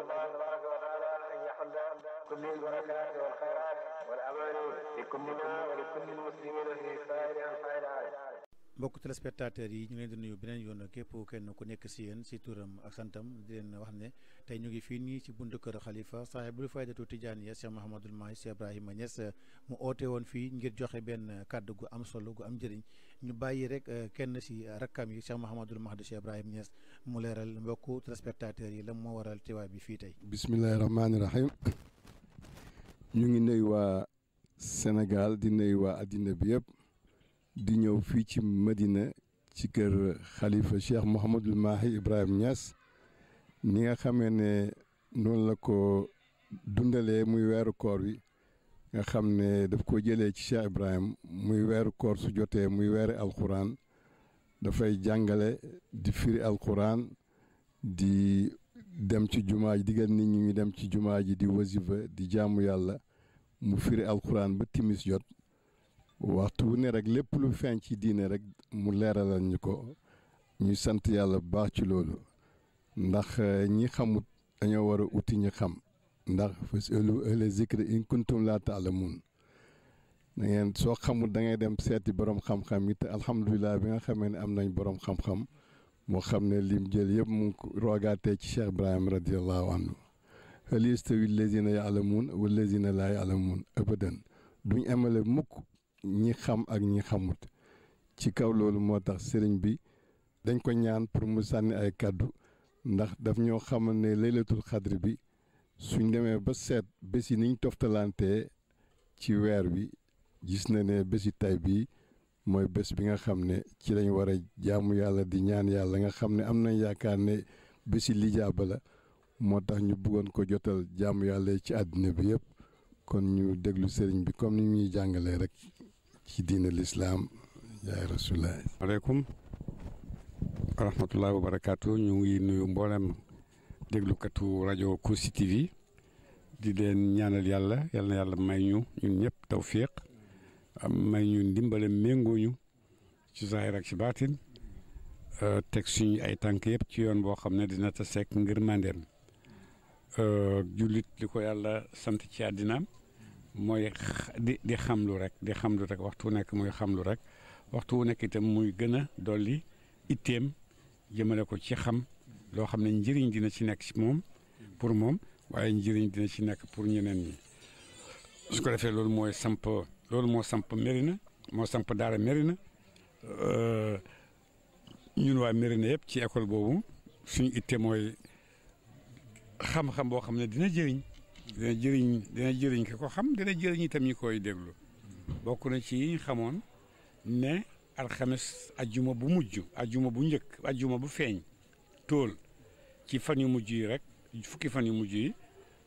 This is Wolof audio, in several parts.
الله تبارك وتعالى أن يحل كل البركات والخيرات والاماني لكلنا ولكل المسلمين في سائر أنحاء العالم mbokk téléspectateurs yi ñu leen di nuyu beneen yoon képp kenn ku nekk si yéen si turam ak santam di leen wax ne tey ñu ngi fii nii ci buntu kër xalifa saahibul faydatu tijaaniya Cheikh Mahamadul Mahi Cheikh Ibrahima Niass mu oote woon fii ngir joxe benn kàddu gu am solo gu am njëriñ ñu bàyyi rek eh, kenn si rakkam yi Cheikh Mahamadul Mahdi Cheikh Ibrahima Niass mu leeral mbokk téléspectateurs yi la moo waral teewaay bi fii tey. bismillahi rahmaani rahim ñu ngi nuyu waa Sénégal di nuyu waa àddina bi yëpp. di ñëw fii ci Medina ci kër xalifa Cheikh Mouhamadul Mahi Ibrahim nias ni nga xamee ne noonu la ko dundalee muy weeru koor wi nga xam ne daf ko jëlee ci Cheikh Ibrahim muy weeru koor su jotee muy weeri alxuraan dafay jàngale di firi alquran di dem ci jumaaji digal nit ñi ñu dem ci jumaaji di wasifa di jaamu yàlla mu firi alquran ba timis jot waxtu wu ne rek lépp lu feeñ ci diine rek mu leeralal ñu ko ñuy sant yàlla bu baax ci loolu ndax eh, ñi xamut dañoo war a uti ñu xam ndax fas'alu ahla zikri in kuntum laa ta'lamuun da ngeen soo xamul da ngay dem seeti borom xam-xam yi te bi nga xamee ne am nañ borom xam-xam moo xam ne lim jël yëpp mu ngi ko roogaatee ci Cheikh Ibrahima radiyallahu anhu hal yastawi allazina ya'lamuun wallazina laa ya'lamuun abadan duñu amale mukk ñi xam ak ñi xamut ci kaw loolu moo tax sëriñ bi dañ ko ñaan pour mu sànni ay kàddu ndax daf ñoo xamal ne laylatul xadri bi suñ demee ba seet bés yi niñ toftalantee ci weer wi gis na ne bési tay bii mooy bés bi nga xam ne ci lañu war a jaamu yàlla di ñaan yàlla nga xam ne am nañ yaakaar ne bési lijaaba la moo tax ñu bëggoon ko jotal jaamu yàlla ci àddina bi yëpp kon ñu déglu sëriñ bi comme ni ñuy jàngalee rek ci diine lislaam yaay rasulillah aleykum wa rahmatullahi ñu ngi nuyu mboolem déglukatu rajo Kossy TV di leen ñaanal yàlla yal yàlla may ñu ñun ñëpp tawfiq am may ñu ndimbale méngooñu ci zaahir ak ci baatin teg suñu ay tànk yëpp ci yoon boo xam ne dina ta sekk ngir màndeem jullit li ko yàlla sant ci àddinaam mooy di di xamlu rek di xamlu rek waxtu wu nekk muy xamlu rek waxtu wu nekk itam muy gën a dolli itteem jëmale ko ci xam loo xam ne njëriñ dina ci nekk ci moom pour moom waaye njëriñ dina ci nekk pour ñeneen ñi su ko defee loolu mooy samp loolu moo samp Mérina moo samp daara Mérina ñun waa Mérina yëpp ci école boobu suñu itee mooy xam-xam boo xam ne dina jëriñ dina jëriñ dana jëriñ ki ko xam dana jëriñ itam ñi koy déglu bokk na ci xamoon ne alxames ajjuma bu mujj ajjuma bu njëkk ajjuma bu feeñ tóol ci fan yu mujj yi rek fukki fan yu mujj yi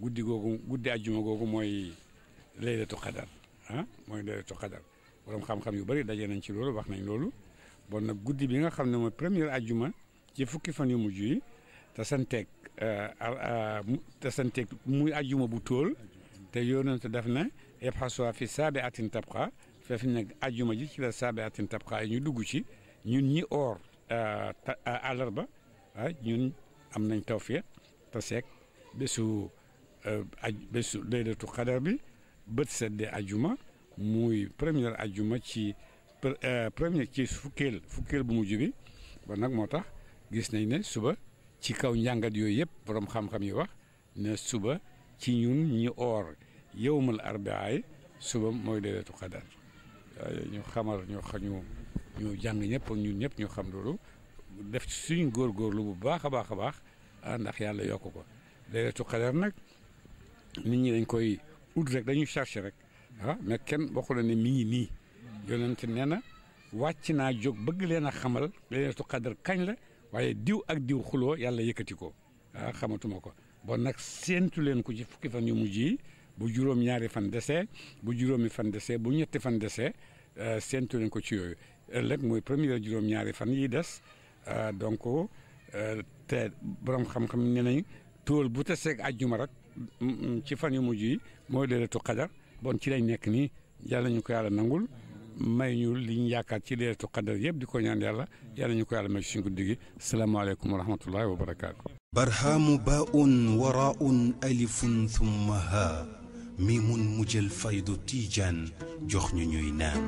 guddi googu guddi ajjuma googu mooy laylatu xadar ah, mooy laylatu xadar borom xam yu bari daje nañ ci loolu wax nañ loolu bon nag guddi bi nga xam ne moo première ajjuma ci fukki fan yu mujj yi tasanteeg euh, euh, tasanteeg muy ajuma bu tóol te yonent def na yabxasuwa fi saabi atin tabqa feef nag ajuma ji ci la saabi atin tabqa ñu dugg ci ñun ñi oor euh, àllarba ñun am nañ tawfiq te seeg bésu aj bésu laylatu xadar bi bët sedde ajuma muy première ajuma ci première ci fukkeel fukkeel bu mujj bi ba nag moo tax gis nañ ne suba ci kaw njàngat yooyu yëpp borom xam-xam yi wax ne suba ci ñun ñi oor yowmal arbaay suba mooy laylatul qadar ñu xamal ñu ñu ñu jàng ñëpp ñëpp ñu xam loolu def suñ góorgóorlu bu baax a baax a baax ah, ndax yàlla yokk ko laylatul qadar nag nit ñi dañ koy ut rek dañuy cherché rek ah mais kenn waxu la ne mi ngi nii yonent nee na wàcc naa jóg bëgg leen a xamal laylatul qadar kañ la waaye diw ak diw xuloo yàlla yëkkati ko ah xamatuma ko bon nag séentu leen ko ci fukki fan yu mujj yi bu juróom-ñaari fan dese bu juróomi fan dese bu ñetti fan dese euh, séentu leen ko ci yooyu ëllëg mooy première juróom-ñaari fan yi des euh, donc euh, te borom xam-xam ne nañ tóol bu teseeg àjjuma rek mm, mm, ci fan yu mujj yi mooy tu xadar bon ci lañ nekk nii yàlla ñu ko yàlla nangul may ñu li yaakaar ci leertu xadar yëpp di ko ñaan yàlla yàlla ñu ko yàlla may ci suñu guddi gi salaamaaleykum wa rahmatullahi wa barakaatu barhaamu baaun waraaun alifun thumma haa miimun mujjal faydu tiijaan jox ñu ñuy naan